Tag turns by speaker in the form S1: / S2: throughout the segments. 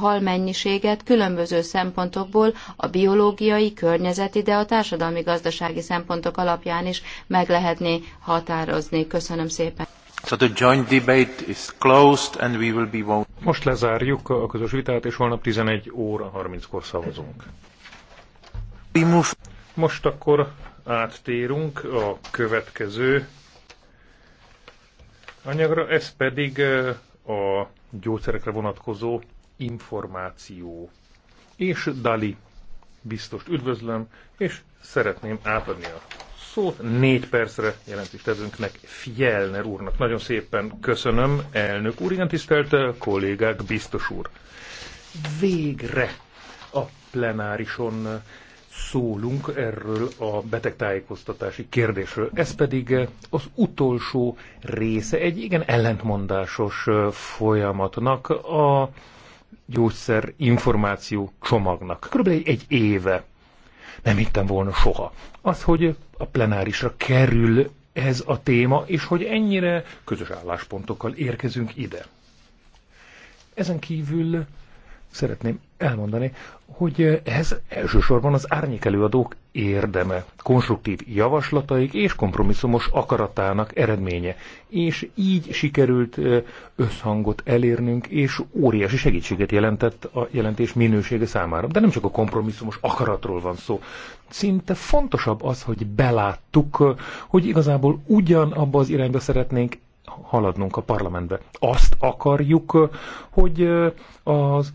S1: halmennyiséget különböző szempontokból, a biológiai, környezeti, de a társadalmi-gazdasági szempontok alapján is meg lehetné határozni. Köszönöm szépen.
S2: So the joint debate is closed and we will be voting. Most lezárjuk a közös vitát, és holnap 11 óra 30-kor szavazunk. Most akkor áttérünk a következő anyagra, ez pedig a gyógyszerekre vonatkozó információ. És Dali biztos üdvözlöm, és szeretném átadni a szót négy percre jelentéstevőnknek, Fjellner úrnak. Nagyon szépen köszönöm, elnök úr, igen tisztelt kollégák, biztos úr. Végre a plenárison szólunk erről a betegtájékoztatási kérdésről. Ez pedig az utolsó része egy igen ellentmondásos folyamatnak a gyógyszer információ csomagnak. Körülbelül egy éve. Nem hittem volna soha. Az, hogy a plenárisra kerül ez a téma, és hogy ennyire közös álláspontokkal érkezünk ide. Ezen kívül szeretném elmondani, hogy ez elsősorban az árnyékelőadók érdeme, konstruktív javaslataik és kompromisszumos akaratának eredménye. És így sikerült összhangot elérnünk, és óriási segítséget jelentett a jelentés minősége számára. De nem csak a kompromisszumos akaratról van szó. Szinte fontosabb az, hogy beláttuk, hogy igazából ugyanabba az irányba szeretnénk haladnunk a parlamentbe. Azt akarjuk, hogy az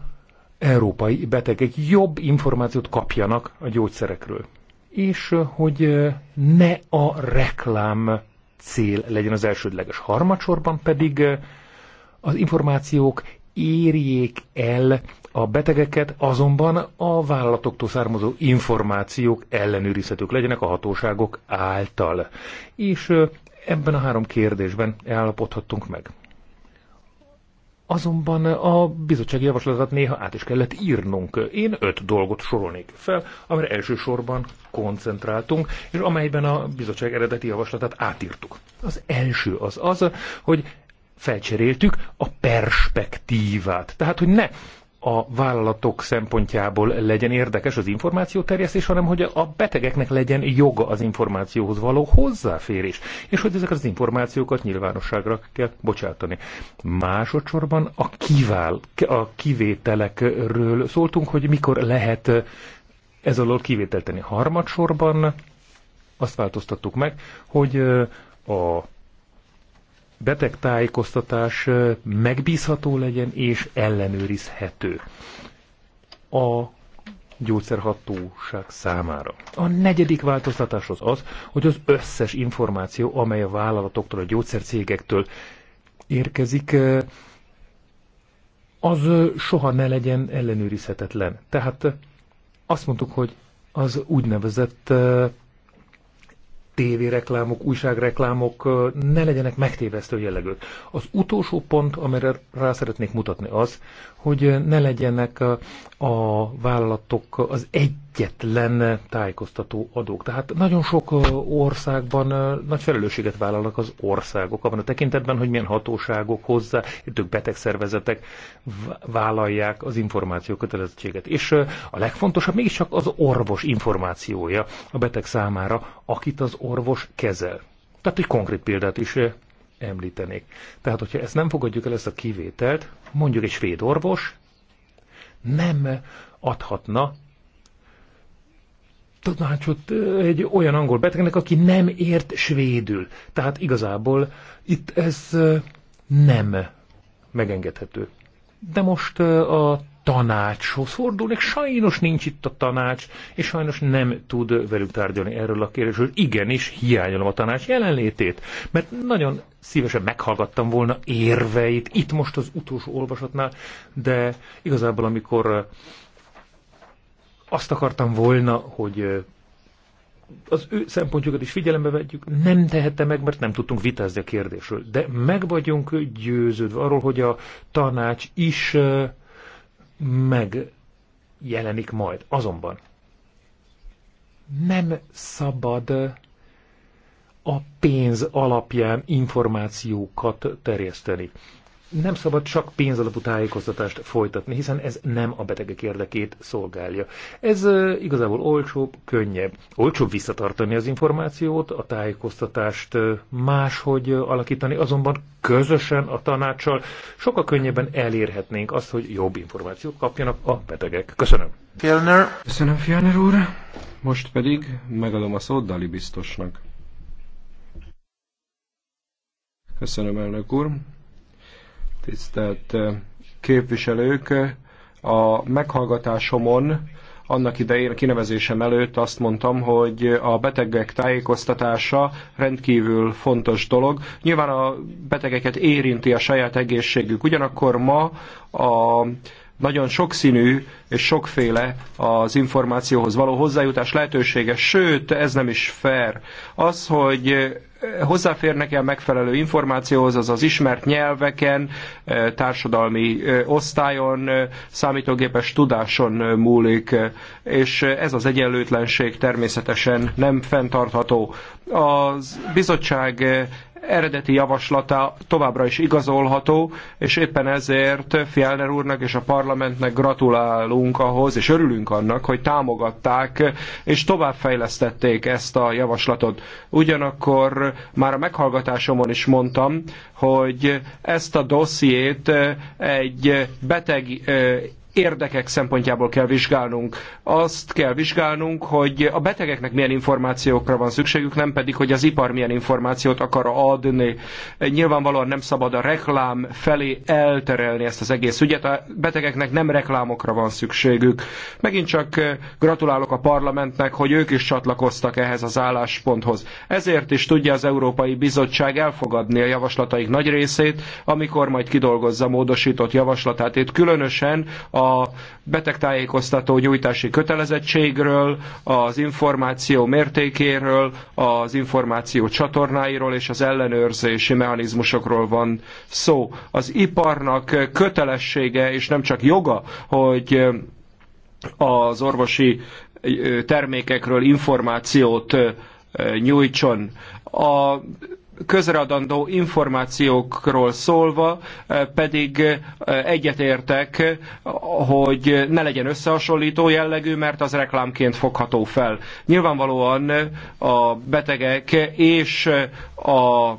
S2: európai betegek jobb információt kapjanak a gyógyszerekről. És eh, hogy eh, ne a reklám cél legyen az elsődleges. Harmadsorban pedig eh, az információk érjék el a betegeket, azonban a vállalatoktól származó információk ellenőrizhetők legyenek a hatóságok által. És ebben a három kérdésben állapodhattunk meg. Azonban a bizottsági javaslatot néha át is kellett írnunk. Én öt dolgot sorolnék fel, amire elsősorban koncentráltunk, és amelyben a bizottság eredeti javaslatát átírtuk. Az első az az, hogy felcseréltük a perspektívát. Tehát, hogy ne a vállalatok szempontjából legyen érdekes az információterjesztés, hanem hogy a betegeknek legyen joga az információhoz való hozzáférés, és hogy ezeket az információkat nyilvánosságra kell bocsátani. Másodszorban a, kivál, a kivételekről szóltunk, hogy mikor lehet ez alól kivételteni Harmadsorban azt változtattuk meg, hogy a betegtájékoztatás megbízható legyen és ellenőrizhető a gyógyszerhatóság számára. A negyedik változtatás az az, hogy az összes információ, amely a vállalatoktól, a gyógyszercégektől érkezik, az soha ne legyen ellenőrizhetetlen. Tehát azt mondtuk, hogy az úgynevezett tévéreklámok, újságreklámok ne legyenek megtévesztő jellegűek. Az utolsó pont, amire rá szeretnék mutatni az, hogy ne legyenek a vállalatok az egyetlen tájékoztató adók. Tehát nagyon sok országban nagy felelősséget vállalnak az országok abban a tekintetben, hogy milyen hatóságok hozzá, ők betegszervezetek vállalják az információ kötelezettséget. És a legfontosabb mégiscsak az orvos információja a beteg számára, akit az orvos kezel. Tehát egy konkrét példát is eh, említenék. Tehát, hogyha ezt nem fogadjuk el, ezt a kivételt, mondjuk egy svéd orvos nem adhatna tanácsot eh, egy olyan angol betegnek, aki nem ért svédül. Tehát igazából itt ez eh, nem megengedhető. De most a tanácshoz fordulnék. Sajnos nincs itt a tanács, és sajnos nem tud velük tárgyalni erről a kérdésről. Igenis, hiányolom a tanács jelenlétét, mert nagyon szívesen meghallgattam volna érveit itt most az utolsó olvasatnál, de igazából amikor eh, azt akartam volna, hogy eh, az ő szempontjukat is figyelembe vegyük, nem tehette meg, mert nem tudtunk vitázni a kérdésről. De meg vagyunk győződve arról, hogy a tanács is uh, megjelenik majd. Azonban nem szabad a pénz alapján információkat terjeszteni nem szabad csak pénzalapú tájékoztatást folytatni, hiszen ez nem a betegek érdekét szolgálja. Ez igazából olcsóbb, könnyebb. Olcsóbb visszatartani az információt, a tájékoztatást máshogy alakítani, azonban közösen a tanácssal sokkal könnyebben elérhetnénk azt, hogy jobb információt kapjanak a betegek. Köszönöm.
S3: Fjellner. Köszönöm, Fjellner úr. Most pedig megadom a szót Dali biztosnak. Köszönöm, elnök úr tisztelt eh, képviselők! A meghallgatásomon annak idején, a kinevezésem előtt azt mondtam, hogy a betegek tájékoztatása rendkívül fontos dolog. Nyilván a betegeket érinti a saját egészségük, ugyanakkor ma a nagyon sokszínű és sokféle az információhoz való hozzájutás lehetősége, sőt, ez nem is fair. Az, hogy hozzáférnek-e a megfelelő információhoz, az az ismert nyelveken, társadalmi osztályon, számítógépes tudáson múlik, és ez az egyenlőtlenség természetesen nem fenntartható. Az bizottság eredeti javaslata továbbra is igazolható, és éppen ezért Fjellner úrnak és a parlamentnek gratulálunk ahhoz, és örülünk annak, hogy támogatták és továbbfejlesztették ezt a javaslatot. Ugyanakkor már a meghallgatásomon is mondtam, hogy ezt a dossziét egy beteg érdekek szempontjából kell vizsgálnunk. Azt kell vizsgálnunk, hogy a betegeknek milyen információkra van szükségük, nem pedig, hogy az ipar milyen információt akar adni. Nyilvánvalóan nem szabad a reklám felé elterelni ezt az egész ügyet. A betegeknek nem reklámokra van szükségük. Megint csak eh, gratulálok a parlamentnek, hogy ők is csatlakoztak ehhez az állásponthoz. Ezért is tudja az Európai Bizottság elfogadni a javaslataik nagy részét, amikor majd kidolgozza módosított javaslatát. Itt különösen a a betegtájékoztató nyújtási kötelezettségről, az információ mértékéről, az információ csatornáiról és az ellenőrzési mechanizmusokról van szó. Az iparnak kötelessége és nem csak joga, hogy az orvosi termékekről információt nyújtson. A közradandó információkról szólva eh, pedig eh, egyetértek, hogy ne legyen összehasonlító jellegű, mert az reklámként fogható fel. Nyilvánvalóan a betegek és a eh,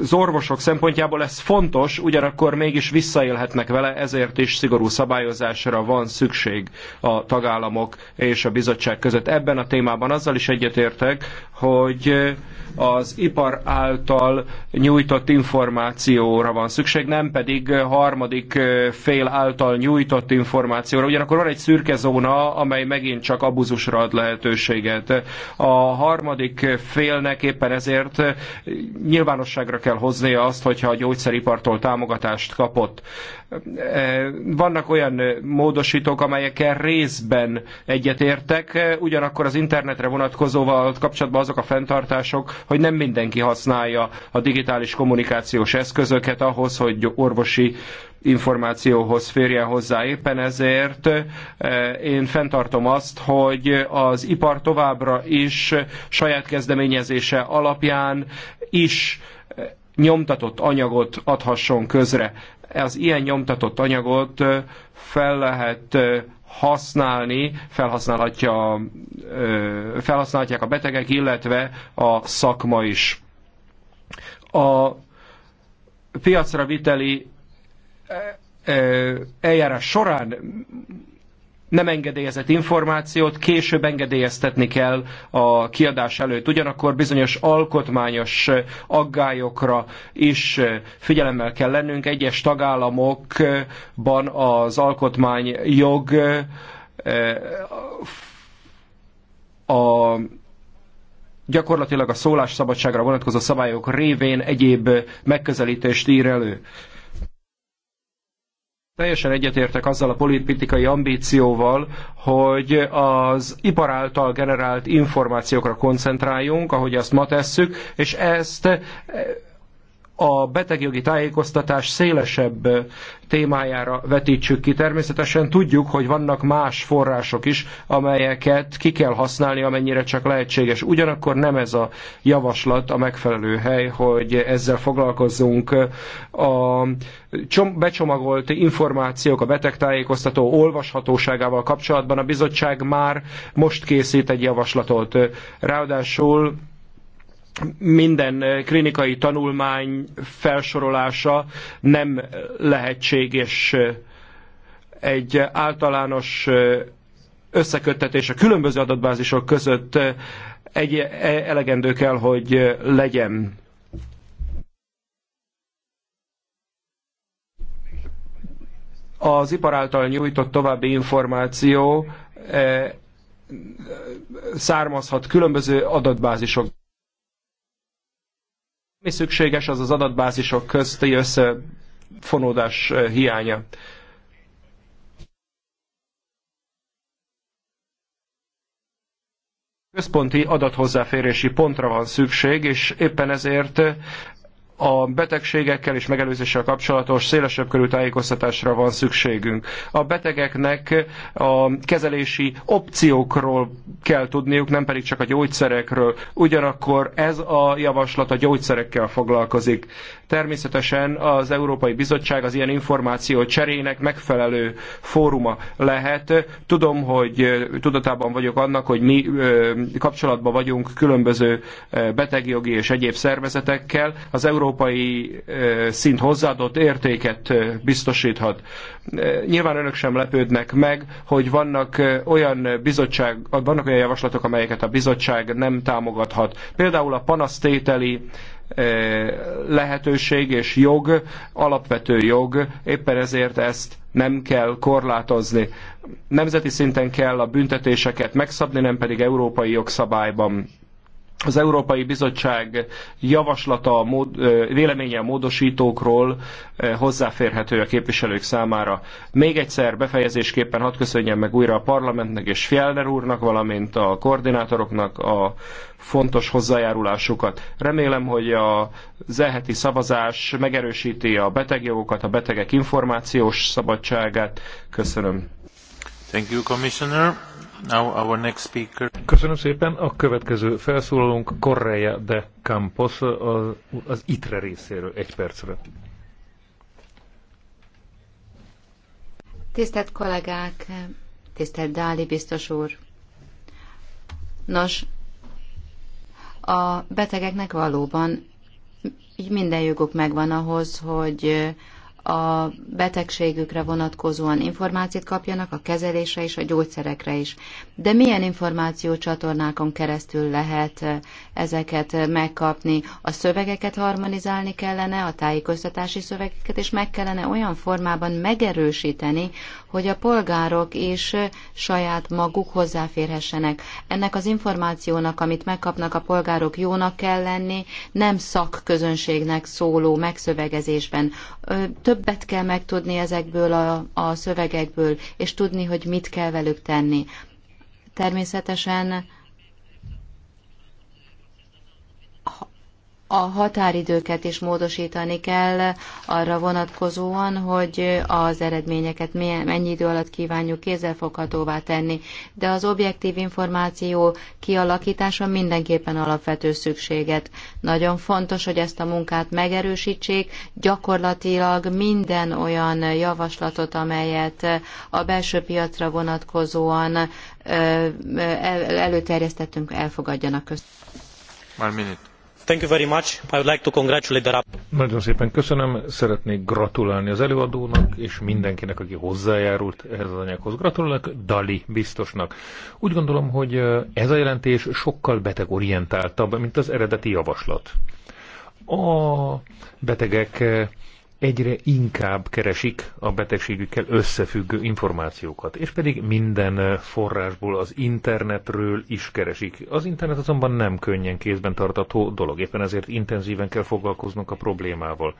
S3: az orvosok szempontjából ez fontos, ugyanakkor mégis visszaélhetnek vele, ezért is szigorú szabályozásra van szükség a tagállamok és a bizottság között. Ebben a témában azzal is egyetértek, hogy az ipar által nyújtott információra van szükség, nem pedig harmadik fél által nyújtott információra. Ugyanakkor van egy szürke zóna, amely megint csak abuzusra ad lehetőséget. A harmadik félnek éppen ezért nyilvánosságra kell hoznia azt, hogyha a gyógyszeripartól támogatást kapott. Vannak olyan módosítók, amelyekkel részben egyetértek, ugyanakkor az internetre vonatkozóval kapcsolatban azok a fenntartások, hogy nem mindenki használja a digitális kommunikációs eszközöket ahhoz, hogy orvosi információhoz férjen hozzá. Éppen ezért én fenntartom azt, hogy az ipar továbbra is saját kezdeményezése alapján is nyomtatott anyagot adhasson közre. Az ilyen nyomtatott anyagot fel lehet használni, felhasználhatja, felhasználhatják a betegek, illetve a szakma is. A piacra viteli eljárás során nem engedélyezett információt később engedélyeztetni kell a kiadás előtt. Ugyanakkor bizonyos alkotmányos aggályokra is figyelemmel kell lennünk. Egyes tagállamokban az jog eh, a gyakorlatilag a szólásszabadságra vonatkozó szabályok révén egyéb megközelítést ír elő. Teljesen egyetértek azzal a politikai ambícióval, hogy az ipar által generált információkra koncentráljunk, ahogy azt ma tesszük, és ezt a betegjogi tájékoztatás szélesebb témájára vetítsük ki. Természetesen tudjuk, hogy vannak más források is, amelyeket ki kell használni, amennyire csak lehetséges. Ugyanakkor nem ez a javaslat a megfelelő hely, hogy ezzel foglalkozzunk. A becsomagolt információk, a betegtájékoztató olvashatóságával kapcsolatban a bizottság már most készít egy javaslatot. Ráadásul minden eh, klinikai tanulmány felsorolása nem lehetséges eh, egy általános eh, összeköttetés a különböző adatbázisok között egy elegendő kell, hogy legyen. Az ipar által nyújtott további információ származhat különböző adatbázisok. Ami szükséges, az az adatbázisok közti összefonódás eh, hiánya. központi adathozzáférési pontra van szükség, és éppen ezért eh, a betegségekkel és megelőzéssel kapcsolatos szélesebb körű tájékoztatásra van szükségünk. A betegeknek a kezelési opciókról kell tudniuk, nem pedig csak a gyógyszerekről. Ugyanakkor ez a javaslat a gyógyszerekkel foglalkozik. Természetesen az Európai Bizottság az ilyen információ cserének megfelelő fóruma lehet. Tudom, hogy tudatában vagyok annak, hogy mi kapcsolatban vagyunk különböző betegjogi és egyéb szervezetekkel. Az Európai európai szint hozzáadott értéket biztosíthat. Nyilván önök sem lepődnek meg, hogy vannak olyan bizottság, vannak olyan javaslatok, amelyeket a bizottság nem támogathat. Például a panasztételi lehetőség és jog, alapvető jog, éppen ezért ezt nem kell korlátozni. Nemzeti szinten kell a büntetéseket megszabni, nem pedig európai jogszabályban az Európai Bizottság javaslata, mód, véleménye a módosítókról hozzáférhető a képviselők számára. Még egyszer befejezésképpen hadd köszönjem meg újra a parlamentnek és Fjellner úrnak, valamint a koordinátoroknak a fontos hozzájárulásukat. Remélem, hogy a zeheti szavazás megerősíti a betegjogokat, a betegek információs szabadságát.
S2: Köszönöm. Thank you, Commissioner. Now our next speaker. Köszönöm szépen. A következő felszólalónk Correia de Campos az, az ITRE részéről.
S1: Egy percre. Tisztelt kollégák, tisztelt Dáli biztos úr. Nos, a betegeknek valóban minden joguk megvan ahhoz, hogy a betegségükre vonatkozóan információt kapjanak, a kezelésre és a gyógyszerekre is. De milyen információ csatornákon keresztül lehet eh, ezeket eh, megkapni? A szövegeket harmonizálni kellene, a tájékoztatási szövegeket, és meg kellene olyan formában megerősíteni, hogy a polgárok is saját maguk hozzáférhessenek. Ennek az információnak, amit megkapnak a polgárok, jónak kell lenni, nem szakközönségnek szóló megszövegezésben. Többet kell megtudni ezekből a, a szövegekből, és tudni, hogy mit kell velük tenni. Természetesen a határidőket is módosítani kell arra vonatkozóan, hogy az eredményeket milyen, mennyi idő alatt kívánjuk kézzelfoghatóvá tenni. De az objektív információ kialakítása mindenképpen alapvető szükséget. Nagyon fontos, hogy ezt a munkát megerősítsék, gyakorlatilag minden olyan javaslatot, amelyet a belső piacra vonatkozóan előterjesztettünk, elfogadjanak. Köszönöm.
S4: One nagyon
S2: szépen köszönöm, szeretnék gratulálni az előadónak és mindenkinek, aki hozzájárult ehhez az anyaghoz. Gratulálok Dali biztosnak. Úgy gondolom, hogy ez a jelentés sokkal betegorientáltabb, mint az eredeti javaslat. A betegek egyre inkább keresik a betegségükkel összefüggő információkat, és pedig minden forrásból az internetről is keresik. Az internet azonban nem könnyen kézben tartató dolog, éppen ezért intenzíven kell foglalkoznunk a problémával.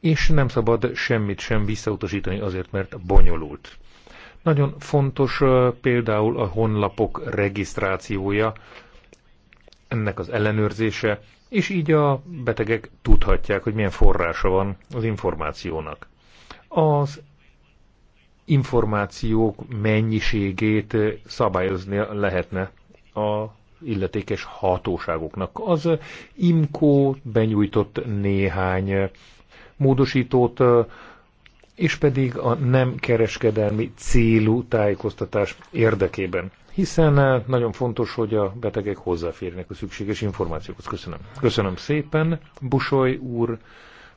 S2: És nem szabad semmit sem visszautasítani azért, mert bonyolult. Nagyon fontos például a honlapok regisztrációja, ennek az ellenőrzése, és így a betegek tudhatják, hogy milyen forrása van az információnak. Az információk mennyiségét szabályozni lehetne a illetékes hatóságoknak. Az IMCO benyújtott néhány módosítót és pedig a nem kereskedelmi célú tájékoztatás érdekében. Hiszen eh, nagyon fontos, hogy a betegek hozzáférjenek a szükséges információkhoz. Köszönöm. Köszönöm szépen, Busoly úr.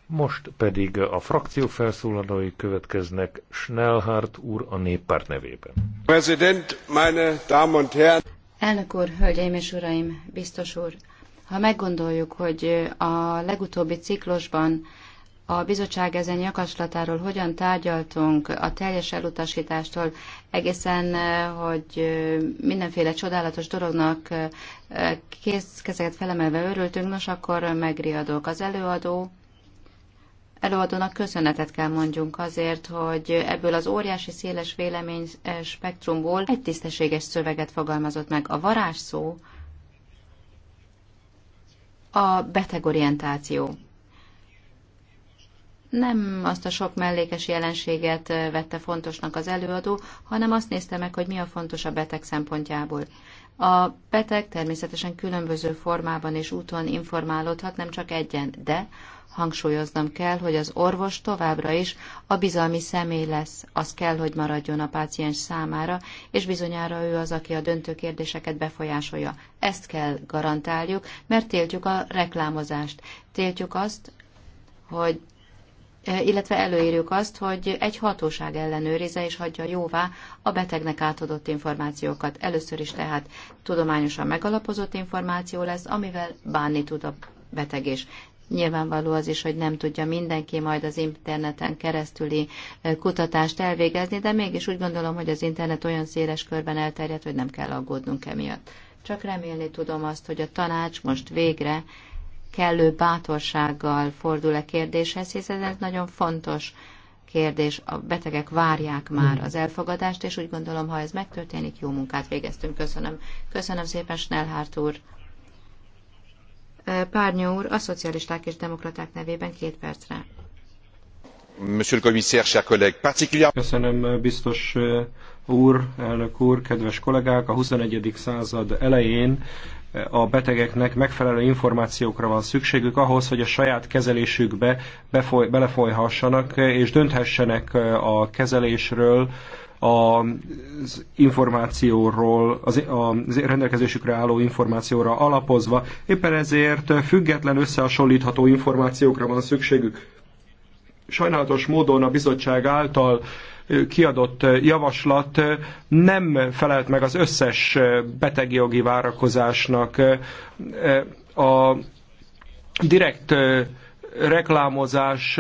S2: Most pedig a frakció felszólalói következnek Schnellhardt úr a néppárt nevében.
S3: President, meine Damen und Herren.
S1: Elnök úr, hölgyeim és uraim, biztos úr, ha meggondoljuk, hogy a legutóbbi ciklusban a bizottság ezen javaslatáról hogyan tárgyaltunk a teljes elutasítástól egészen, eh, hogy eh, mindenféle csodálatos dolognak eh, kezeket felemelve örültünk, nos akkor megriadok. Az előadó előadónak köszönetet kell mondjunk azért, hogy ebből az óriási széles vélemény spektrumból egy tisztességes szöveget fogalmazott meg. A varázsszó a betegorientáció nem azt a sok mellékes jelenséget vette fontosnak az előadó, hanem azt nézte meg, hogy mi a fontos a beteg szempontjából. A beteg természetesen különböző formában és úton informálódhat, nem csak egyen, de hangsúlyoznom kell, hogy az orvos továbbra is a bizalmi személy lesz, az kell, hogy maradjon a páciens számára, és bizonyára ő az, aki a döntő kérdéseket befolyásolja. Ezt kell garantáljuk, mert tiltjuk a reklámozást. Tiltjuk azt, hogy E, illetve előírjuk azt, hogy egy hatóság ellenőrize és hagyja jóvá a betegnek átadott információkat. Először is tehát tudományosan megalapozott információ lesz, amivel bánni tud a beteg is. Nyilvánvaló az is, hogy nem tudja mindenki majd az interneten keresztüli e, kutatást elvégezni, de mégis úgy gondolom, hogy az internet olyan széles körben elterjedt, hogy nem kell aggódnunk emiatt. Csak remélni tudom azt, hogy a tanács most végre kellő bátorsággal fordul a kérdéshez, hiszen ez nagyon fontos kérdés, a betegek várják már az elfogadást, és úgy gondolom, ha ez megtörténik, jó munkát végeztünk. Köszönöm. Köszönöm szépen, Snellhárt úr. Párnyó úr, a szocialisták és demokraták nevében két percre.
S3: Monsieur le commissaire, chers collègues, particulièrement... Köszönöm, biztos úr, elnök úr, kedves kollégák, a 21. század elején a betegeknek megfelelő információkra van szükségük ahhoz, hogy a saját kezelésükbe befoly, belefolyhassanak és dönthessenek a kezelésről, az információról, az, a rendelkezésükre álló információra alapozva. Éppen ezért független összehasonlítható információkra van szükségük. Sajnálatos módon a bizottság által kiadott javaslat nem felelt meg az összes betegjogi várakozásnak. A direkt reklámozás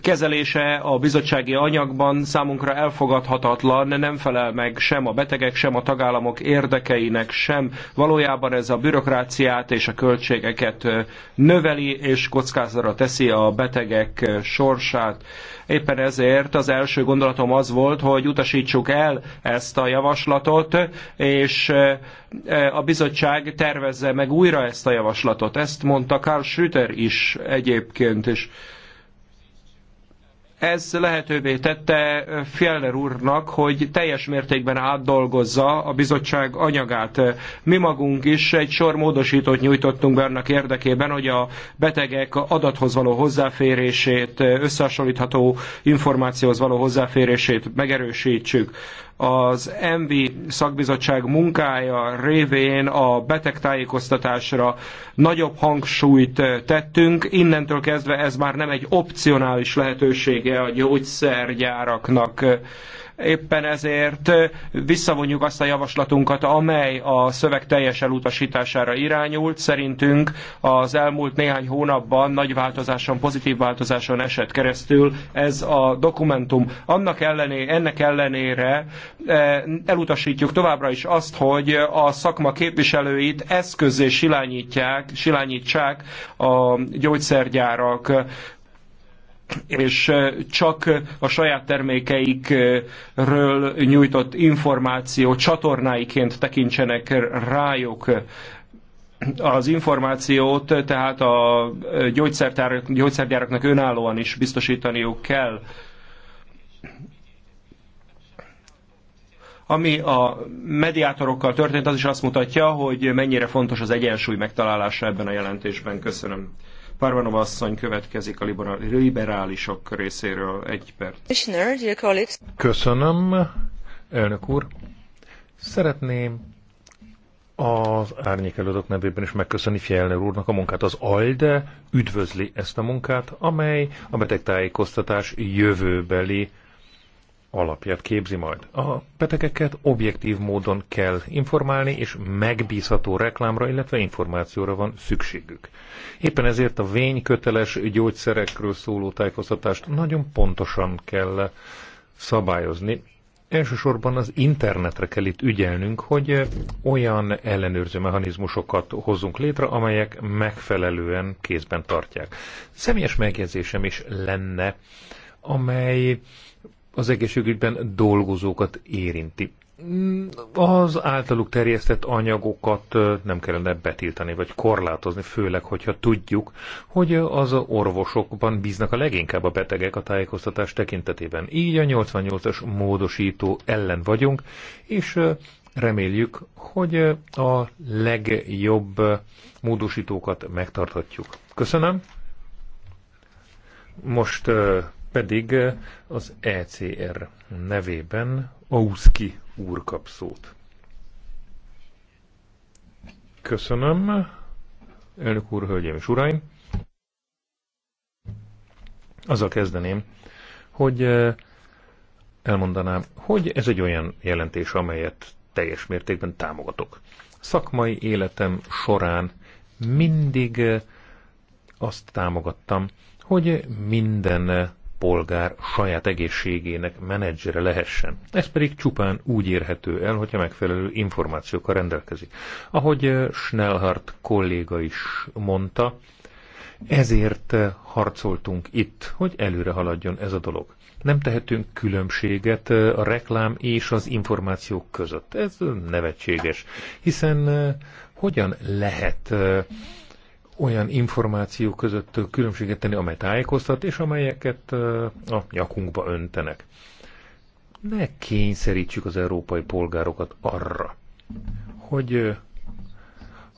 S3: kezelése a bizottsági anyagban számunkra elfogadhatatlan, nem felel meg sem a betegek, sem a tagállamok érdekeinek, sem. Valójában ez a bürokráciát és a költségeket növeli, és kockázatra teszi a betegek sorsát. Éppen ezért az első gondolatom az volt, hogy utasítsuk el ezt a javaslatot, és e, e, a bizottság tervezze meg újra ezt a javaslatot. Ezt mondta Karl Schröter is egyébként, és ez lehetővé tette Fjeller úrnak, hogy teljes mértékben átdolgozza a bizottság anyagát. Mi magunk is egy sor módosítót nyújtottunk be annak érdekében, hogy a betegek adathoz való hozzáférését, összehasonlítható információhoz való hozzáférését megerősítsük az ENVI szakbizottság munkája révén a betegtájékoztatásra nagyobb hangsúlyt tettünk. Innentől kezdve ez már nem egy opcionális lehetősége a gyógyszergyáraknak éppen ezért visszavonjuk azt a javaslatunkat, amely a szöveg teljes elutasítására irányult. Szerintünk az elmúlt néhány hónapban nagy változáson, pozitív változáson esett keresztül ez a dokumentum. Annak ellené, ennek ellenére elutasítjuk továbbra is azt, hogy a szakma képviselőit eszközé silányítják, silányítsák a gyógyszergyárak és csak a saját termékeikről nyújtott információ csatornáiként tekintsenek rájuk az információt, tehát a gyógyszergyáraknak önállóan is biztosítaniuk kell. Ami a mediátorokkal történt, az is azt mutatja, hogy mennyire fontos az egyensúly megtalálása ebben a jelentésben. Köszönöm. Parvanova asszony következik a liberálisok részéről egy perc.
S2: Köszönöm, elnök úr. Szeretném az árnyék előadók nevében is megköszönni Fjellner úrnak a munkát. Az ALDE üdvözli ezt a munkát, amely a betegtájékoztatás jövőbeli alapját képzi majd. A betegeket objektív módon kell informálni, és megbízható reklámra, illetve információra van szükségük. Éppen ezért a vényköteles gyógyszerekről szóló tájékoztatást nagyon pontosan kell szabályozni. Elsősorban az internetre kell itt ügyelnünk, hogy olyan ellenőrző mechanizmusokat hozzunk létre, amelyek megfelelően kézben tartják. Személyes megjegyzésem is lenne, amely az egészségügyben dolgozókat érinti. Az általuk terjesztett anyagokat nem kellene betiltani vagy korlátozni, főleg, hogyha tudjuk, hogy az orvosokban bíznak a leginkább a betegek a tájékoztatás tekintetében. Így a 88-as módosító ellen vagyunk, és reméljük, hogy a legjobb módosítókat megtarthatjuk. Köszönöm! Most pedig eh, az ECR nevében Auszki úr kap szót. Köszönöm, elnök úr, hölgyeim és uraim. Azzal kezdeném, hogy eh, elmondanám, hogy ez egy olyan jelentés, amelyet teljes mértékben támogatok. Szakmai életem során mindig eh, azt támogattam, hogy minden polgár saját egészségének menedzsere lehessen. Ez pedig csupán úgy érhető el, hogyha megfelelő információkkal rendelkezik. Ahogy eh, Schnellhardt kolléga is mondta, ezért eh, harcoltunk itt, hogy előre haladjon ez a dolog. Nem tehetünk különbséget eh, a reklám és az információk között. Ez nevetséges, hiszen hogyan lehet olyan információk között különbséget tenni, amely tájékoztat, és amelyeket a nyakunkba öntenek. Ne kényszerítsük az európai polgárokat arra, hogy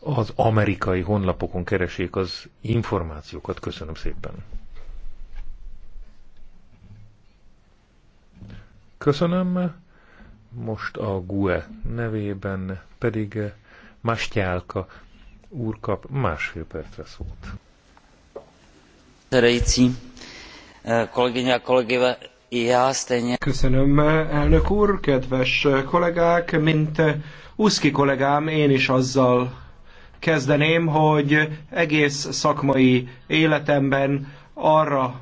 S2: az amerikai honlapokon keresék az információkat. Köszönöm szépen. Köszönöm. Most a GUE nevében pedig Mastyálka úr kap másfél percre szót.
S1: Eh,
S3: Köszönöm, eh, elnök úr, kedves eh, kollégák, mint Uszki kollégám, én is azzal kezdeném, hogy egész szakmai életemben arra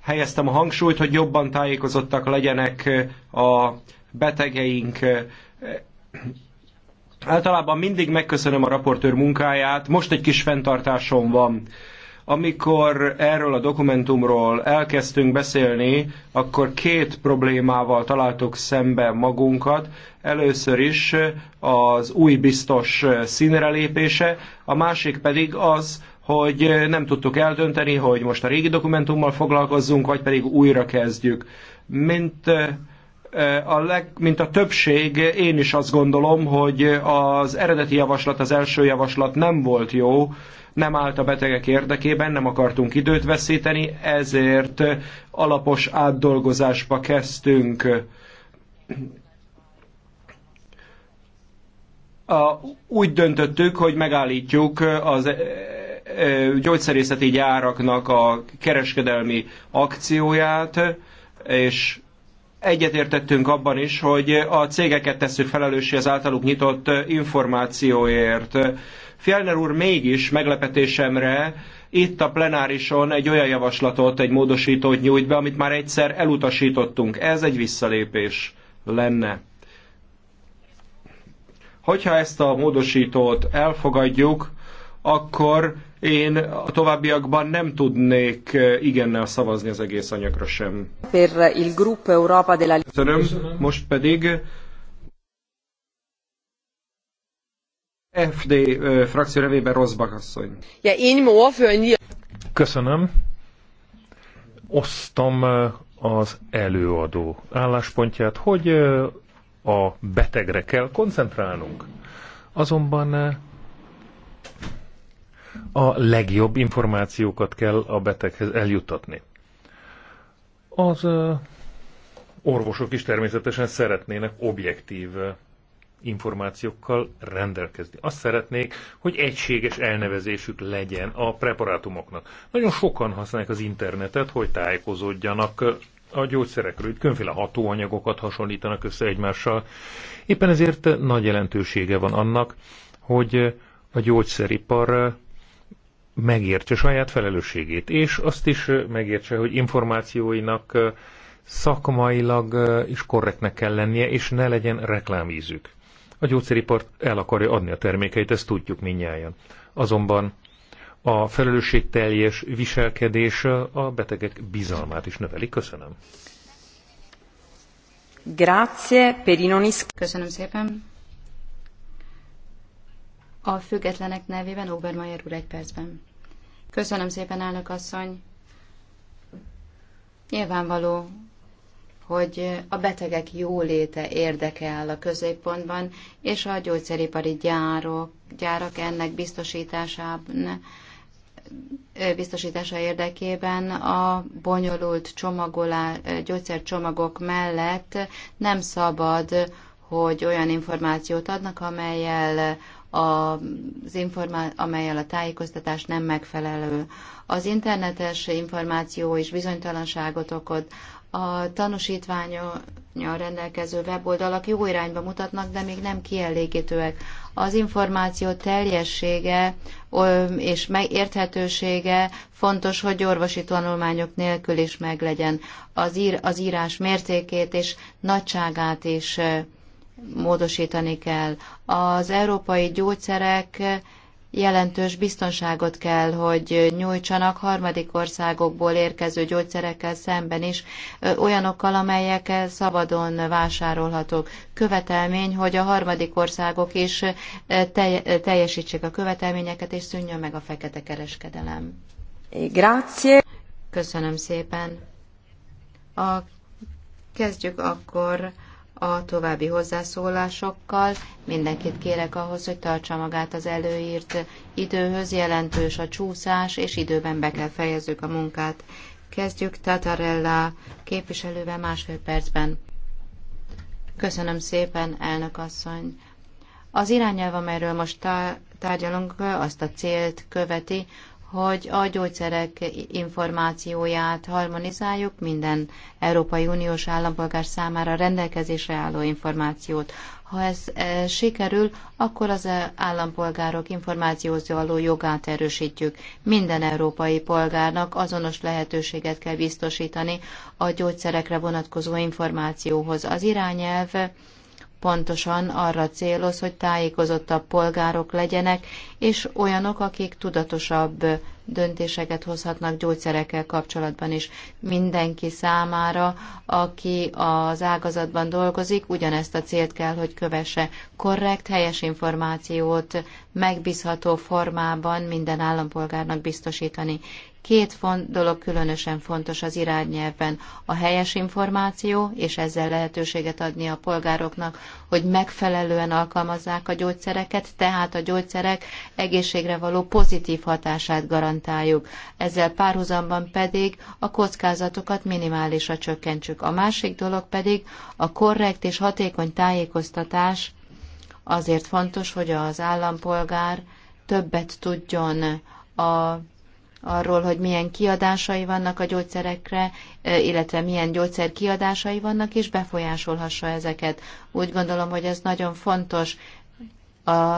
S3: helyeztem a hangsúlyt, hogy jobban tájékozottak legyenek a betegeink. Általában mindig megköszönöm a raportőr munkáját, most egy kis fenntartásom van. Amikor erről a dokumentumról elkezdtünk beszélni, akkor két problémával találtuk szembe magunkat. Először is az új biztos színre lépése, a másik pedig az, hogy nem tudtuk eldönteni, hogy most a régi dokumentummal foglalkozzunk, vagy pedig újra kezdjük. Mint Eh, a leg, mint a többség, én is azt gondolom, hogy az eredeti javaslat, az első javaslat nem volt jó, nem állt a betegek érdekében, nem akartunk időt veszíteni, ezért alapos átdolgozásba kezdtünk. A, úgy döntöttük, hogy megállítjuk az eh, eh, gyógyszerészeti gyáraknak a kereskedelmi akcióját, és Egyetértettünk abban is, hogy a cégeket tesszük felelőssé az általuk nyitott információért. Fjellner úr mégis meglepetésemre itt a plenárison egy olyan javaslatot, egy módosítót nyújt be, amit már egyszer elutasítottunk. Ez egy visszalépés lenne. Hogyha ezt a módosítót elfogadjuk, akkor én a továbbiakban nem tudnék eh, igennel szavazni az egész anyagra sem.
S1: Per il gruppo Europa della...
S3: Köszönöm. Most pedig
S2: FD eh, frakció nevében Rosbach asszony. Ja, én Köszönöm. Osztom eh, az előadó álláspontját, hogy a betegre kell koncentrálnunk. Azonban a legjobb információkat kell a beteghez eljutatni. Az orvosok is természetesen szeretnének objektív információkkal rendelkezni. Azt szeretnék, hogy egységes elnevezésük legyen a preparátumoknak. Nagyon sokan használják az internetet, hogy tájékozódjanak a gyógyszerekről, hogy különféle hatóanyagokat hasonlítanak össze egymással. Éppen ezért nagy jelentősége van annak, hogy a gyógyszeripar megértse saját felelősségét, és azt is megértse, hogy információinak szakmailag is korrektnek kell lennie, és ne legyen reklámízük. A gyógyszeripart el akarja adni a termékeit, ezt tudjuk minnyáján. Azonban a felelősségteljes viselkedés a betegek bizalmát is növeli. Köszönöm.
S1: Grazie per i non Köszönöm szépen. A függetlenek nevében Obermeyer úr egy percben. Köszönöm szépen, elnök asszony. Nyilvánvaló, hogy a betegek jóléte érdeke áll a középpontban, és a gyógyszeripari gyárok, gyárak ennek biztosításában biztosítása érdekében a bonyolult csomagolás, gyógyszercsomagok mellett nem szabad, hogy olyan információt adnak, amelyel az informá- amelyel a tájékoztatás nem megfelelő. Az internetes információ is bizonytalanságot okod, a tanúsítványal rendelkező weboldalak jó irányba mutatnak, de még nem kielégítőek. Az információ teljessége és megérthetősége fontos, hogy orvosi tanulmányok nélkül is meglegyen. Az, ír, az írás mértékét és nagyságát is módosítani kell. Az európai gyógyszerek jelentős biztonságot kell, hogy nyújtsanak harmadik országokból érkező gyógyszerekkel szemben is, olyanokkal, amelyek szabadon vásárolhatók. Követelmény, hogy a harmadik országok is teljesítsék a követelményeket, és szűnjön meg a fekete kereskedelem. Grazie. Köszönöm szépen. A, kezdjük akkor a további hozzászólásokkal. Mindenkit kérek ahhoz, hogy tartsa magát az előírt időhöz, jelentős a csúszás, és időben be kell fejezzük a munkát. Kezdjük Tatarella képviselővel másfél percben. Köszönöm szépen, elnök asszony. Az irányelv, amelyről most tárgyalunk, azt a célt követi, hogy a gyógyszerek információját harmonizáljuk, minden Európai Uniós állampolgár számára rendelkezésre álló információt. Ha ez e, sikerül, akkor az e, állampolgárok információhoz való jogát erősítjük. Minden európai polgárnak azonos lehetőséget kell biztosítani a gyógyszerekre vonatkozó információhoz. Az irányelv pontosan arra céloz, hogy tájékozottabb polgárok legyenek, és olyanok, akik tudatosabb döntéseket hozhatnak gyógyszerekkel kapcsolatban is. Mindenki számára, aki az ágazatban dolgozik, ugyanezt a célt kell, hogy kövesse. Korrekt, helyes információt megbízható formában minden állampolgárnak biztosítani. Két font, dolog különösen fontos az irányelvben. A helyes információ, és ezzel lehetőséget adni a polgároknak, hogy megfelelően alkalmazzák a gyógyszereket, tehát a gyógyszerek egészségre való pozitív hatását garantálják garantáljuk. Ezzel párhuzamban pedig a kockázatokat minimálisra csökkentsük. A másik dolog pedig a korrekt és hatékony tájékoztatás azért fontos, hogy az állampolgár többet tudjon a arról, hogy milyen kiadásai vannak a gyógyszerekre, e, illetve milyen gyógyszer kiadásai vannak, és befolyásolhassa ezeket. Úgy gondolom, hogy ez nagyon fontos. A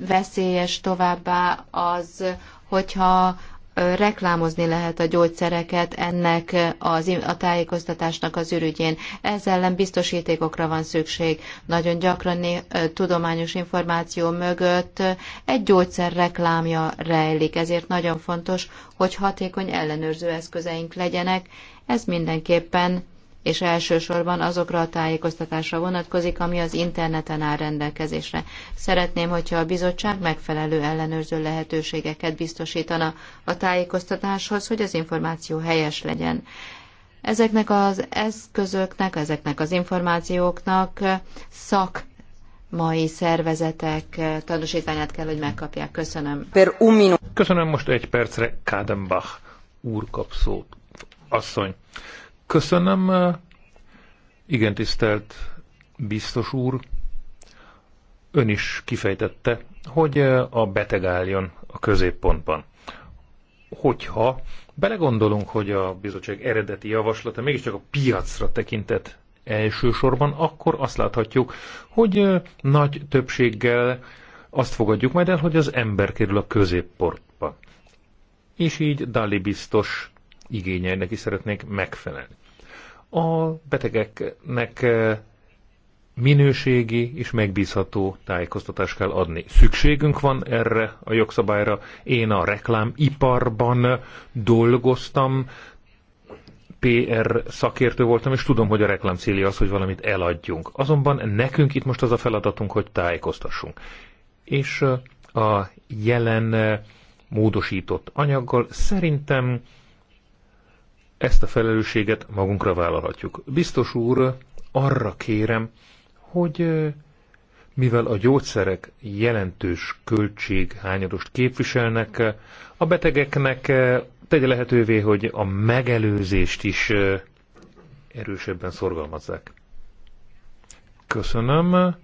S1: veszélyes továbbá az hogyha reklámozni lehet a gyógyszereket ennek az, a tájékoztatásnak az ürügyén. Ez ellen biztosítékokra van szükség. Nagyon gyakran né, tudományos információ mögött egy gyógyszer reklámja rejlik, ezért nagyon fontos, hogy hatékony ellenőrző eszközeink legyenek. Ez mindenképpen és elsősorban azokra a tájékoztatásra vonatkozik, ami az interneten áll rendelkezésre. Szeretném, hogyha a bizottság megfelelő ellenőrző lehetőségeket biztosítana a tájékoztatáshoz, hogy az információ helyes legyen. Ezeknek az eszközöknek, ezeknek az információknak szak mai szervezetek tanúsítványát kell, hogy megkapják. Köszönöm.
S2: Per un Köszönöm most egy percre Kádenbach úr kap szót. Asszony. Köszönöm. Igen, tisztelt biztos úr. Ön is kifejtette, hogy a beteg álljon a középpontban. Hogyha belegondolunk, hogy a bizottság eredeti javaslata mégiscsak a piacra tekintett elsősorban, akkor azt láthatjuk, hogy nagy többséggel azt fogadjuk majd el, hogy az ember kerül a középportba. És így Dali biztos igényeinek is szeretnék megfelelni a betegeknek eh, minőségi és megbízható tájékoztatást kell adni. Szükségünk van erre a jogszabályra. Én a reklámiparban dolgoztam, PR szakértő voltam, és tudom, hogy a reklám célja az, hogy valamit eladjunk. Azonban nekünk itt most az a feladatunk, hogy tájékoztassunk. És eh, a jelen eh, módosított anyaggal szerintem ezt a felelősséget magunkra vállalhatjuk. Biztos úr, arra kérem, hogy mivel a gyógyszerek jelentős költséghányadost képviselnek, a betegeknek tegye lehetővé, hogy a megelőzést is erősebben szorgalmazzák. Köszönöm.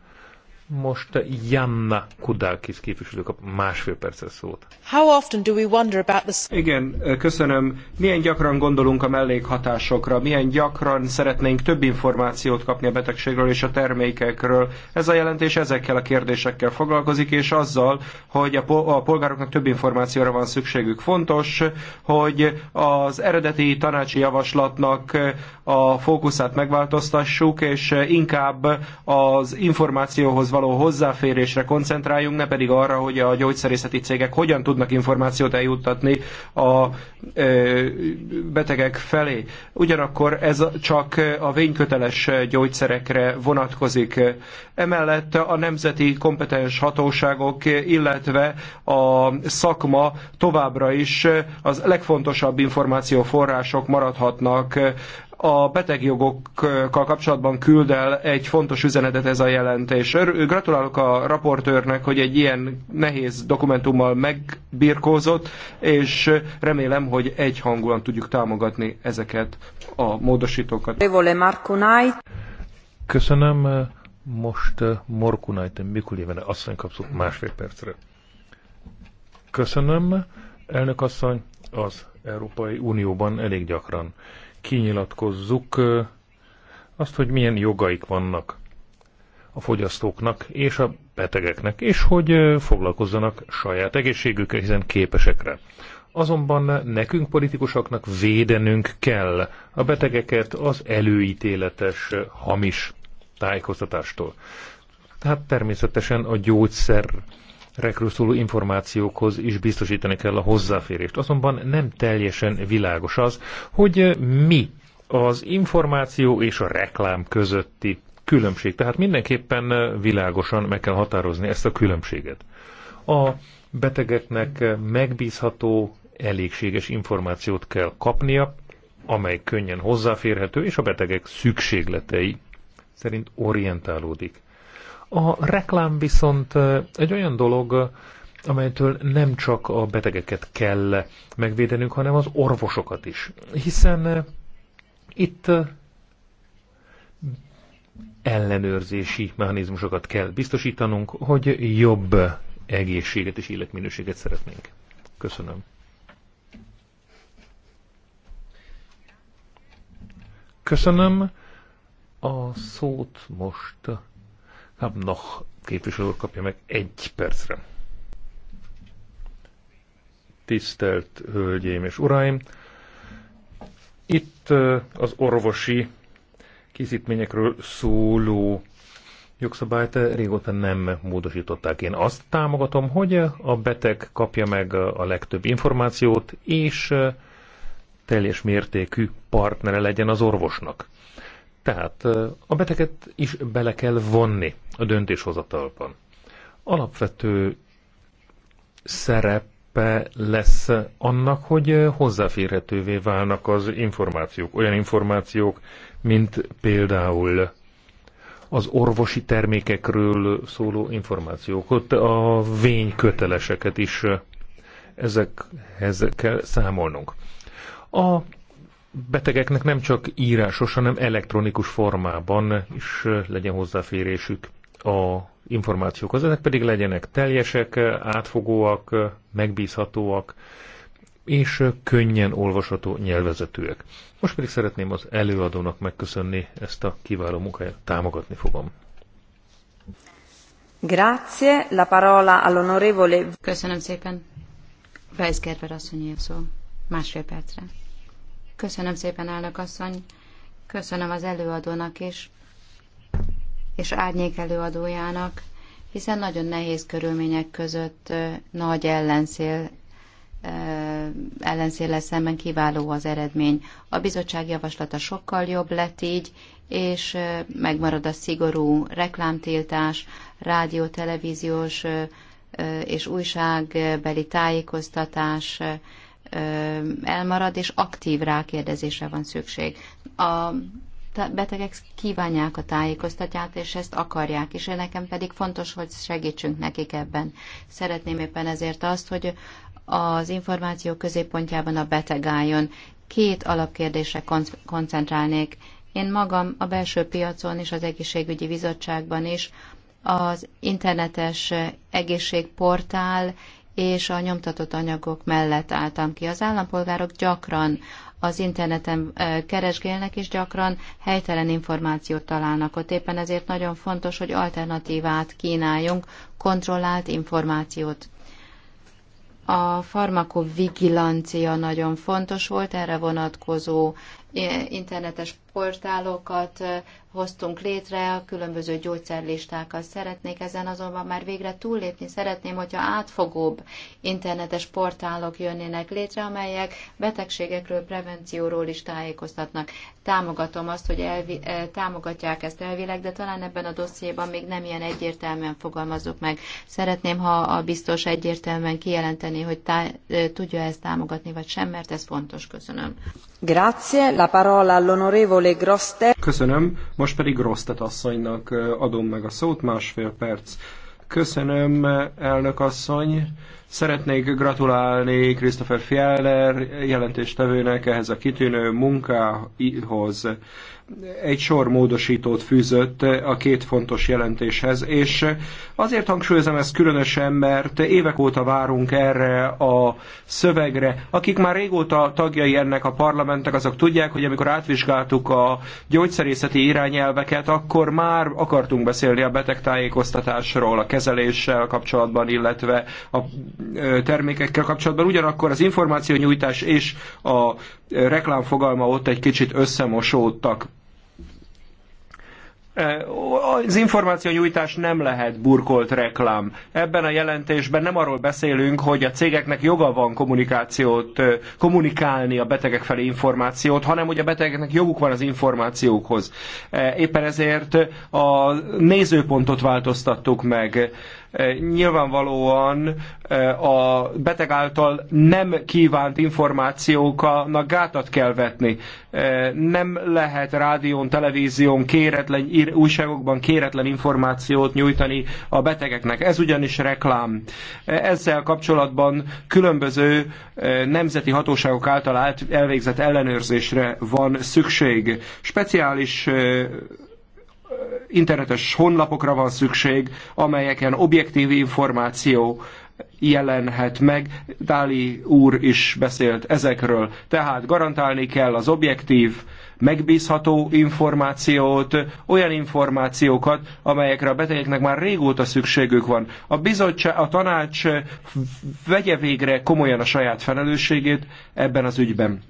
S2: Most Janna Kudalkis képviselő kap másfél perces szót. How often do we wonder about this?
S3: Igen, köszönöm. Milyen gyakran gondolunk a mellékhatásokra, milyen gyakran szeretnénk több információt kapni a betegségről és a termékekről. Ez a jelentés ezekkel a kérdésekkel foglalkozik, és azzal, hogy a polgároknak több információra van szükségük. Fontos, hogy az eredeti tanácsi javaslatnak a fókuszát megváltoztassuk, és inkább az információhoz való hozzáférésre koncentráljunk, ne pedig arra, hogy a gyógyszerészeti cégek hogyan tudnak információt eljuttatni a betegek felé. Ugyanakkor ez csak a vényköteles gyógyszerekre vonatkozik. Emellett a nemzeti kompetens hatóságok, illetve a szakma továbbra is az legfontosabb információforrások maradhatnak a betegjogokkal kapcsolatban küld el egy fontos üzenetet ez a jelentés. Gratulálok a raportőrnek, hogy egy ilyen nehéz dokumentummal megbirkózott, és remélem, hogy egyhangulan tudjuk támogatni ezeket a módosítókat.
S2: Köszönöm. Most eh, Mikul Mikuléven asszony kapszott másfél percre. Köszönöm. Elnök asszony, az Európai Unióban elég gyakran kinyilatkozzuk azt, hogy milyen jogaik vannak a fogyasztóknak és a betegeknek, és hogy foglalkozzanak saját egészségükkel, hiszen képesekre. Azonban nekünk politikusoknak védenünk kell a betegeket az előítéletes, hamis tájékoztatástól. Tehát természetesen a gyógyszer rekről szóló információkhoz is biztosítani kell a hozzáférést. Azonban nem teljesen világos az, hogy mi az információ és a reklám közötti különbség. Tehát mindenképpen világosan meg kell határozni ezt a különbséget. A betegeknek megbízható, elégséges információt kell kapnia, amely könnyen hozzáférhető, és a betegek szükségletei szerint orientálódik. A reklám viszont egy olyan dolog, amelytől nem csak a betegeket kell megvédenünk, hanem az orvosokat is. Hiszen itt ellenőrzési mechanizmusokat kell biztosítanunk, hogy jobb egészséget és életminőséget szeretnénk. Köszönöm. Köszönöm a szót most. Nem, noh, képviselő kapja meg egy percre. Tisztelt Hölgyeim és Uraim! Itt eh, az orvosi készítményekről szóló jogszabályt eh, régóta nem módosították. Én azt támogatom, hogy eh, a beteg kapja meg a legtöbb információt, és teljes mértékű partnere legyen az orvosnak. Tehát a beteget is bele kell vonni a döntéshozatalban. Alapvető szerepe lesz annak, hogy hozzáférhetővé válnak az információk. Olyan információk, mint például az orvosi termékekről szóló információk, ott a vényköteleseket is ezekhez kell számolnunk. A betegeknek nem csak írásos, hanem elektronikus formában is legyen hozzáférésük a információk, az ennek pedig legyenek teljesek, átfogóak, megbízhatóak, és könnyen olvasható nyelvezetűek. Most pedig szeretném az előadónak megköszönni ezt a kiváló munkáját, támogatni fogom.
S1: Grazie, la parola all'onorevole. Köszönöm szépen. Weisgerber asszony szó. Másfél percre. Köszönöm szépen, elnök asszony. Köszönöm az előadónak is és árnyék előadójának, hiszen nagyon nehéz körülmények között nagy ellenszél ellenszéle szemben kiváló az eredmény. A bizottság javaslata sokkal jobb lett így, és megmarad a szigorú reklámtiltás, rádió, televíziós és újságbeli tájékoztatás elmarad, és aktív rákérdezésre van szükség. A betegek kívánják a tájékoztatját, és ezt akarják, és nekem pedig fontos, hogy segítsünk nekik ebben. Szeretném éppen ezért azt, hogy az információ középpontjában a beteg álljon. Két alapkérdésre koncentrálnék. Én magam a belső piacon és az egészségügyi bizottságban is az internetes egészségportál és a nyomtatott anyagok mellett álltam ki. Az állampolgárok gyakran az interneten keresgélnek, és gyakran helytelen információt találnak ott. Éppen ezért nagyon fontos, hogy alternatívát kínáljunk, kontrollált információt. A farmakovigilancia nagyon fontos volt, erre vonatkozó internetes portálokat hoztunk létre, a különböző gyógyszerlistákat szeretnék ezen azonban már végre túllépni. Szeretném, hogyha átfogóbb internetes portálok jönnének létre, amelyek betegségekről, prevencióról is tájékoztatnak. Támogatom azt, hogy elvi, támogatják ezt elvileg, de talán ebben a dossziéban még nem ilyen egyértelműen fogalmazok meg. Szeretném, ha a biztos egyértelműen kijelenteni, hogy tá- tudja ezt támogatni, vagy sem, mert ez fontos. Köszönöm. Grazie.
S3: Köszönöm, most pedig Grostet asszonynak adom meg a szót, másfél perc. Köszönöm, elnök asszony. Szeretnék gratulálni Christopher Fjeller jelentéstevőnek ehhez a kitűnő munkához egy sor módosítót fűzött a két fontos jelentéshez, és azért hangsúlyozom ezt különösen, mert évek óta várunk erre a szövegre. Akik már régóta tagjai ennek a parlamentnek, azok tudják, hogy amikor átvizsgáltuk a gyógyszerészeti irányelveket, akkor már akartunk beszélni a betegtájékoztatásról, a kezeléssel kapcsolatban, illetve a termékekkel kapcsolatban. Ugyanakkor az információnyújtás és a reklám fogalma ott egy kicsit összemosódtak. Az információnyújtás nem lehet burkolt reklám. Ebben a jelentésben nem arról beszélünk, hogy a cégeknek joga van kommunikációt, kommunikálni a betegek felé információt, hanem hogy a betegeknek joguk van az információkhoz. E, éppen ezért a nézőpontot változtattuk meg Nyilvánvalóan a beteg által nem kívánt információknak gátat kell vetni. Nem lehet rádión, televízión, kéretlen, újságokban kéretlen információt nyújtani a betegeknek. Ez ugyanis reklám. Ezzel kapcsolatban különböző nemzeti hatóságok által elvégzett ellenőrzésre van szükség. Speciális internetes honlapokra van szükség, amelyeken objektív információ jelenhet meg. Dáli úr is beszélt ezekről. Tehát garantálni kell az objektív, megbízható információt, olyan információkat, amelyekre a betegeknek már régóta szükségük van. A, bizottság, a tanács vegye végre komolyan a saját felelősségét ebben az ügyben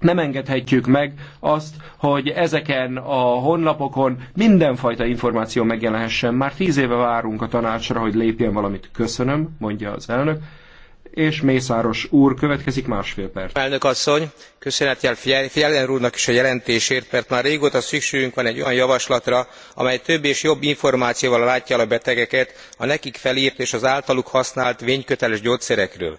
S3: nem engedhetjük meg azt, hogy ezeken a honlapokon mindenfajta információ megjelenhessen. Már tíz éve várunk a tanácsra, hogy lépjen valamit. Köszönöm, mondja az elnök. És Mészáros úr, következik másfél
S4: perc. Elnök asszony, köszönetjel Fjellner úrnak is a jelentésért, mert már régóta szükségünk van egy olyan javaslatra, amely több és jobb információval látja el a betegeket a nekik felírt és az általuk használt vényköteles gyógyszerekről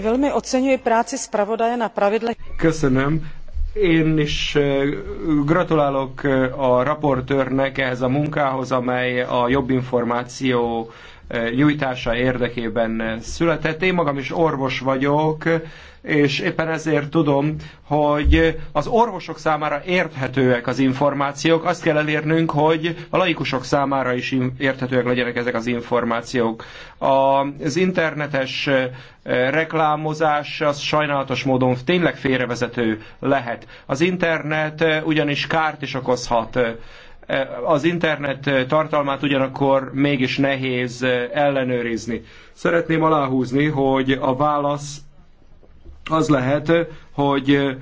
S4: Velmi oceňuji práci zpravodaje na pravidlech.
S3: Köszönöm. Én is eh, gratulálok eh, a raportőrnek ehhez a munkához, amely a jobb információ nyújtása érdekében született. Én magam is orvos vagyok, és éppen ezért tudom, hogy az orvosok számára érthetőek az információk, azt kell elérnünk, hogy a laikusok számára is érthetőek legyenek ezek az információk. Az internetes reklámozás az sajnálatos módon tényleg félrevezető lehet. Az internet ugyanis kárt is okozhat az internet tartalmát ugyanakkor mégis nehéz eh, ellenőrizni. Szeretném aláhúzni, hogy a válasz az lehet, hogy eh,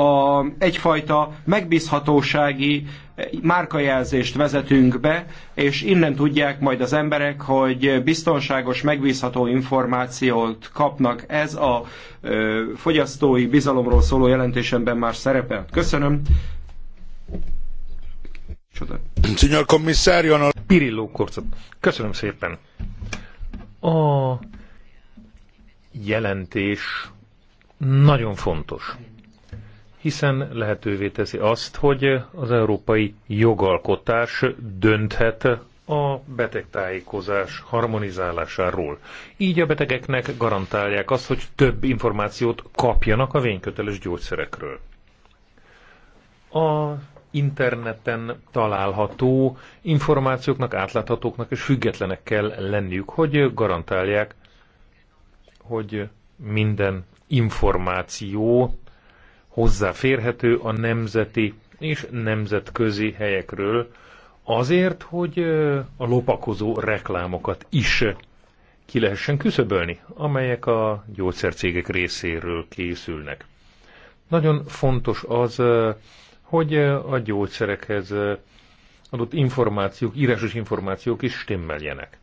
S3: a, egyfajta megbízhatósági eh, márkajelzést vezetünk be, és innen tudják majd az emberek, hogy biztonságos, megbízható információt kapnak. Ez a ö, fogyasztói bizalomról szóló jelentésemben már szerepel. Köszönöm.
S2: Csoda. Signor commissario, Pirilló Korcot. Köszönöm szépen. A jelentés nagyon fontos, hiszen lehetővé teszi azt, hogy az európai jogalkotás dönthet a betegtájékozás harmonizálásáról. Így a betegeknek garantálják azt, hogy több információt kapjanak a vényköteles gyógyszerekről. A interneten található információknak, átláthatóknak és függetlenek kell lenniük, hogy garantálják, hogy minden információ hozzáférhető a nemzeti és nemzetközi helyekről, azért, hogy a lopakozó reklámokat is ki lehessen küszöbölni, amelyek a gyógyszercégek részéről készülnek. Nagyon fontos az, hogy a gyógyszerekhez adott információk, írásos információk is stimmeljenek.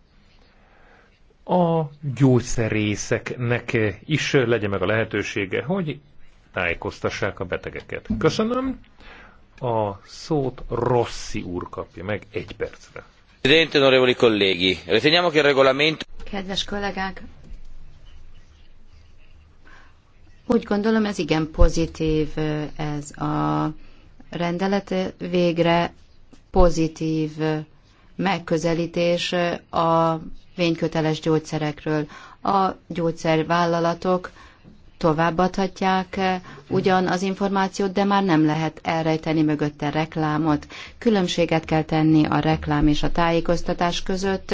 S2: A gyógyszerészeknek is legyen meg a lehetősége, hogy tájékoztassák a betegeket. Köszönöm. A szót Rossi úr kapja meg egy percre.
S1: Kedves kollégák, úgy gondolom ez igen pozitív, ez a rendelet végre pozitív megközelítés a vényköteles gyógyszerekről. A gyógyszervállalatok továbbadhatják ugyan az információt, de már nem lehet elrejteni mögötte reklámot. Különbséget kell tenni a reklám és a tájékoztatás között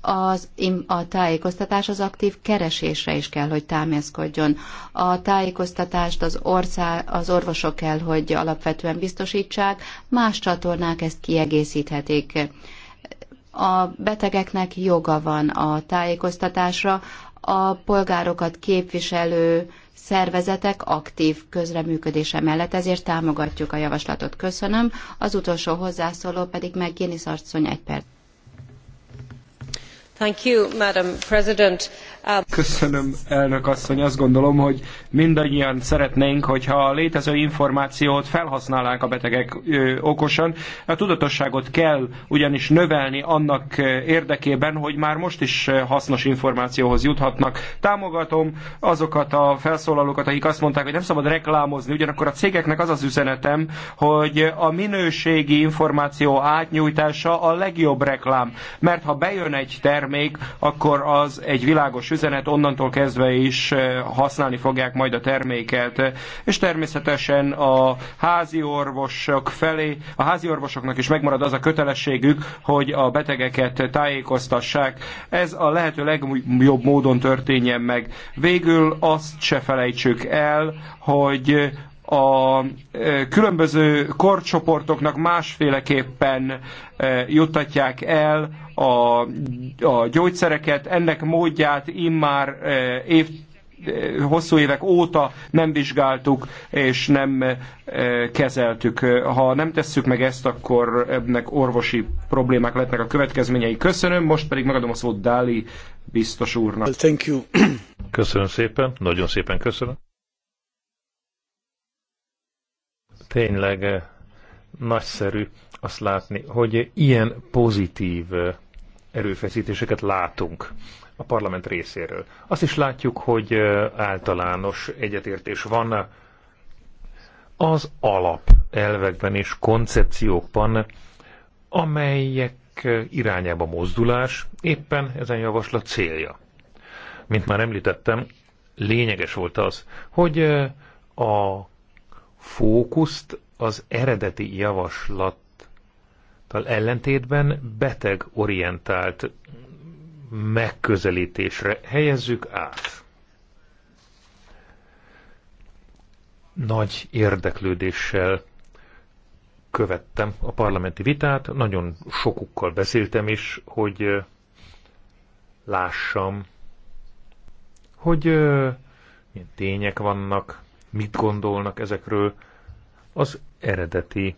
S1: az, a tájékoztatás az aktív keresésre is kell, hogy támaszkodjon. A tájékoztatást az, ország, az orvosok kell, hogy alapvetően biztosítsák, más csatornák ezt kiegészíthetik. A betegeknek joga van a tájékoztatásra, a polgárokat képviselő szervezetek aktív közreműködése mellett, ezért támogatjuk a javaslatot. Köszönöm. Az utolsó hozzászóló pedig meg Génisz Arcony egy perc. Um,
S3: Köszönöm, elnök asszony. Azt gondolom, hogy mindannyian szeretnénk, hogyha a létező információt felhasználnánk a betegek okosan. A tudatosságot kell ugyanis növelni annak érdekében, hogy már most is hasznos információhoz juthatnak. Támogatom azokat a felszólalókat, akik azt mondták, hogy nem szabad reklámozni, ugyanakkor a cégeknek az az üzenetem, hogy a minőségi információ átnyújtása a legjobb reklám. Mert ha bejön egy termék, termék, akkor az egy világos üzenet, onnantól kezdve is eh, használni fogják majd a terméket. És természetesen a házi orvosok felé, a házi orvosoknak is megmarad az a kötelességük, hogy a betegeket tájékoztassák. Ez a lehető legjobb módon történjen meg. Végül azt se felejtsük el, hogy a különböző korcsoportoknak másféleképpen juttatják el a, a gyógyszereket. Ennek módját immár év, hosszú évek óta nem vizsgáltuk és nem kezeltük. Ha nem tesszük meg ezt, akkor ennek orvosi problémák lehetnek a következményei. Köszönöm, most pedig megadom a
S2: szót Dáli biztos úrnak. Thank you. Köszönöm szépen, nagyon szépen köszönöm. tényleg eh, nagyszerű azt látni, hogy ilyen pozitív eh, erőfeszítéseket látunk a parlament részéről. Azt is látjuk, hogy eh, általános egyetértés van az alap elvekben és koncepciókban, amelyek irányába mozdulás éppen ezen javaslat célja. Mint már említettem, lényeges volt az, hogy a fókuszt az eredeti javaslattal ellentétben betegorientált megközelítésre helyezzük át. Nagy érdeklődéssel követtem a parlamenti vitát, nagyon sokukkal beszéltem is, hogy lássam, hogy milyen tények vannak, mit gondolnak ezekről. Az eredeti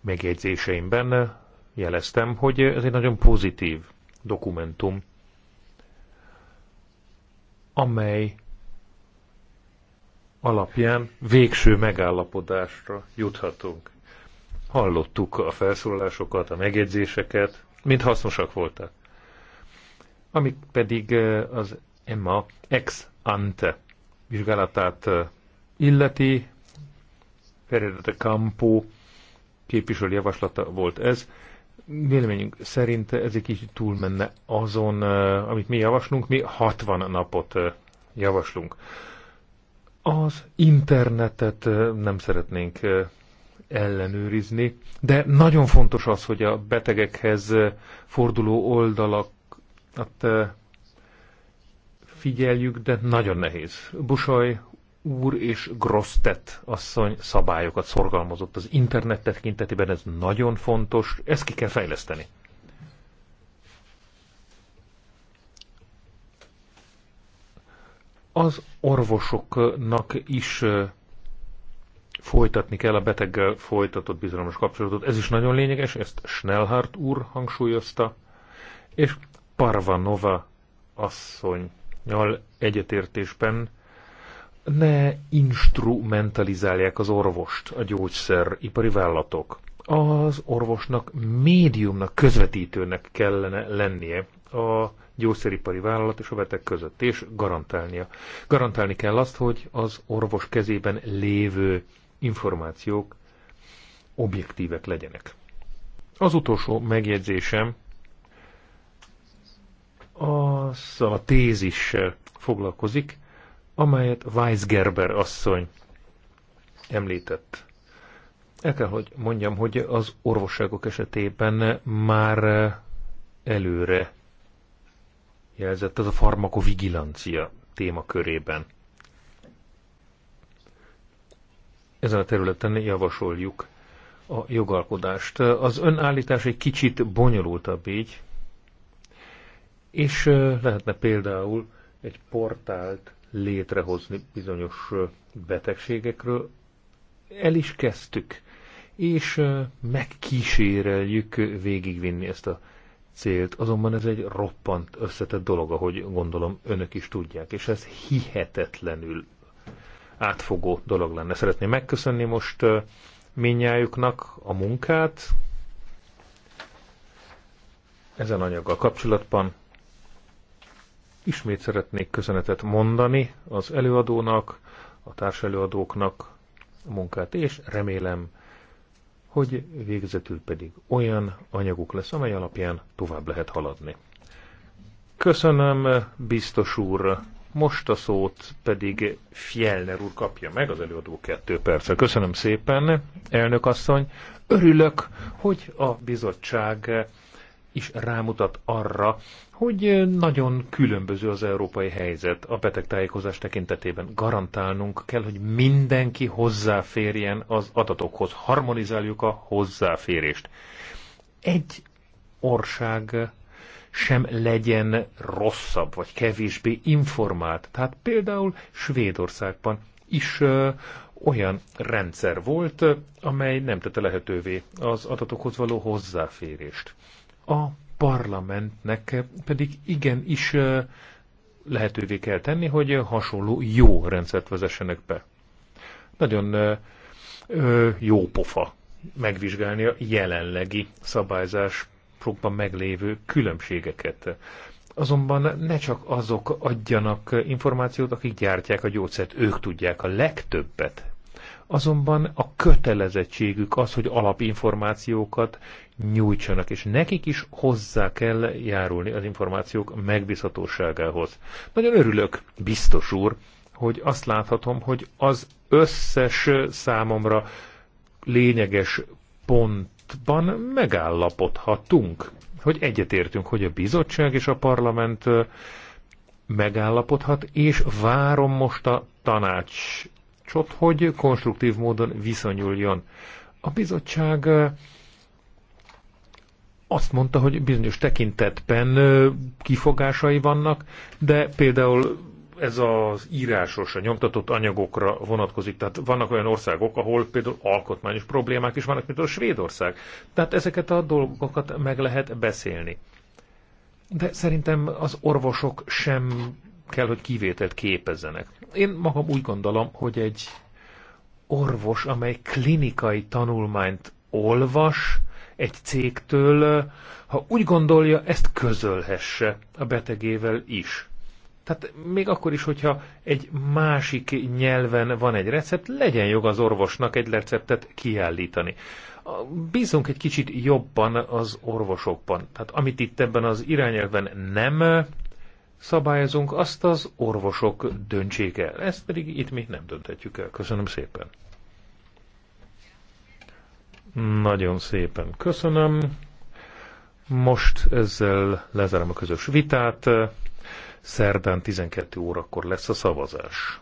S2: megjegyzéseimben jeleztem, hogy ez egy nagyon pozitív dokumentum, amely alapján végső megállapodásra juthatunk. Hallottuk a felszólásokat, a megjegyzéseket, mind hasznosak voltak. Amik pedig eh, az Emma ex ante vizsgálatát illeti. Ferreira de Campo képviselő javaslata volt ez. Véleményünk szerint ez egy kicsit túlmenne azon, amit mi javaslunk. Mi 60 napot javaslunk. Az internetet nem szeretnénk ellenőrizni, de nagyon fontos az, hogy a betegekhez forduló oldalakat figyeljük, de nagyon nehéz. Busoly úr és Grosztet asszony szabályokat szorgalmazott az internet tekintetében, ez nagyon fontos, ezt ki kell fejleszteni. Az orvosoknak is folytatni kell a beteggel folytatott bizalmas kapcsolatot. Ez is nagyon lényeges, ezt Schnellhardt úr hangsúlyozta, és Parvanova asszony nyal egyetértésben ne instrumentalizálják az orvost a gyógyszeripari vállalatok. Az orvosnak médiumnak, közvetítőnek kellene lennie a gyógyszeripari vállalat és a beteg között, és garantálnia. Garantálni kell azt, hogy az orvos kezében lévő információk objektívek legyenek. Az utolsó megjegyzésem az a tézissel foglalkozik, amelyet Weisgerber asszony említett. El kell, hogy mondjam, hogy az orvosságok esetében már előre jelzett ez a farmakovigilancia témakörében. Ezen a területen javasoljuk a jogalkodást. Az önállítás egy kicsit bonyolultabb így, és lehetne például egy portált létrehozni bizonyos betegségekről. El is kezdtük, és megkíséreljük végigvinni ezt a célt, azonban ez egy roppant összetett dolog, ahogy gondolom önök is tudják, és ez hihetetlenül átfogó dolog lenne. Szeretném megköszönni most minnyájuknak a munkát ezen anyaggal kapcsolatban, Ismét szeretnék köszönetet mondani az előadónak, a társelőadóknak a munkát, és remélem, hogy végezetül pedig olyan anyaguk lesz, amely alapján tovább lehet haladni. Köszönöm, biztos úr! Most a szót pedig Fjellner úr kapja meg, az előadó kettő perce. Köszönöm szépen, elnök asszony! Örülök, hogy a bizottság is rámutat arra, hogy nagyon különböző az európai helyzet a betegtájékozás tekintetében. Garantálnunk kell, hogy mindenki hozzáférjen az adatokhoz. Harmonizáljuk a hozzáférést. Egy ország sem legyen rosszabb, vagy kevésbé informált. Tehát például Svédországban is olyan rendszer volt, amely nem tette lehetővé az adatokhoz való hozzáférést a parlamentnek pedig igenis lehetővé kell tenni, hogy hasonló jó rendszert vezessenek be. Nagyon jó pofa megvizsgálni a jelenlegi szabályzásokban meglévő különbségeket. Azonban ne csak azok adjanak információt, akik gyártják a gyógyszert, ők tudják a legtöbbet azonban a kötelezettségük az, hogy alapinformációkat nyújtsanak, és nekik is hozzá kell járulni az információk megbízhatóságához. Nagyon örülök, biztos úr, hogy azt láthatom, hogy az összes számomra lényeges pontban megállapodhatunk, hogy egyetértünk, hogy a bizottság és a parlament megállapodhat, és várom most a tanács tanácsot, hogy konstruktív módon viszonyuljon. A bizottság azt mondta, hogy bizonyos tekintetben kifogásai vannak, de például ez az írásos, a nyomtatott anyagokra vonatkozik. Tehát vannak olyan országok, ahol például alkotmányos problémák is vannak, mint a Svédország. Tehát ezeket a dolgokat meg lehet beszélni. De szerintem az orvosok sem kell, hogy kivételt képezzenek. Én magam úgy gondolom, hogy egy orvos, amely klinikai tanulmányt olvas egy cégtől, ha úgy gondolja, ezt közölhesse a betegével is. Tehát még akkor is, hogyha egy másik nyelven van egy recept, legyen jog az orvosnak egy receptet kiállítani. Bízunk egy kicsit jobban az orvosokban. Tehát amit itt ebben az irányelven nem szabályozunk, azt az orvosok döntsék el. Ezt pedig itt mi nem dönthetjük el. Köszönöm szépen. Nagyon szépen köszönöm. Most ezzel lezárom a közös vitát. Szerdán 12 órakor lesz a szavazás.